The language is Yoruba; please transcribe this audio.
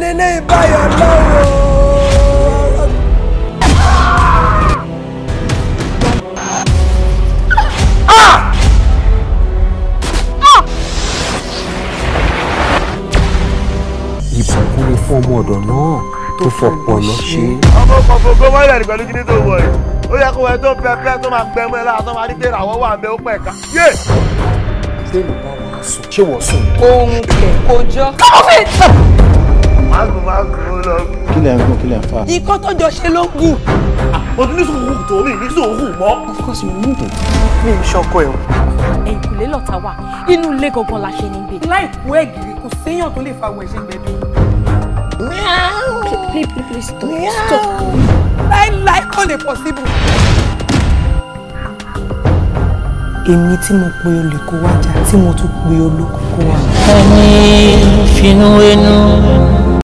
ní ní ìbáyọ̀ lọ́wọ́. ìbùkún fún ọmọ ọ̀dọ̀ náà tó fọpọlọ ṣe. ọmọ kọ̀ọ̀kan gómìnà ìrìn pẹ̀lú kíní tó wọ̀ yìí ó yẹ kó wẹ tó pẹpẹ tó máa gbẹmọ ẹ lára tó máa rí pé ìràwọ̀ wà mẹ́ ó pẹ̀ka. ṣé ìlú bá wọn sùn ṣé wọ́n sùn. ohun kò jọ. kọ́mọ́fẹ́ẹ̀tì kí lẹ̀ ń gún kí lẹ̀ ń fà. ikọ́ tó jọ ṣe ló ń gùn. mo ah, ti ní sòwò tó mi ní sòwò mọ́. of course you need it. mi ì ṣọkọ ẹ o. ẹ̀yìnkùlé lọ́ta wà inú ilé gangan la ṣe ní gbé. láìkú ẹ̀gìrì kò séèyàn tó lè fa àwọn ẹ̀ṣẹ̀ gbẹ̀bí. please please please stop stop. láíláí kò lè possible. èmi tí mo pe olè kó wájà tí mo tún pe olóko kó wá. ẹni finú ẹnu.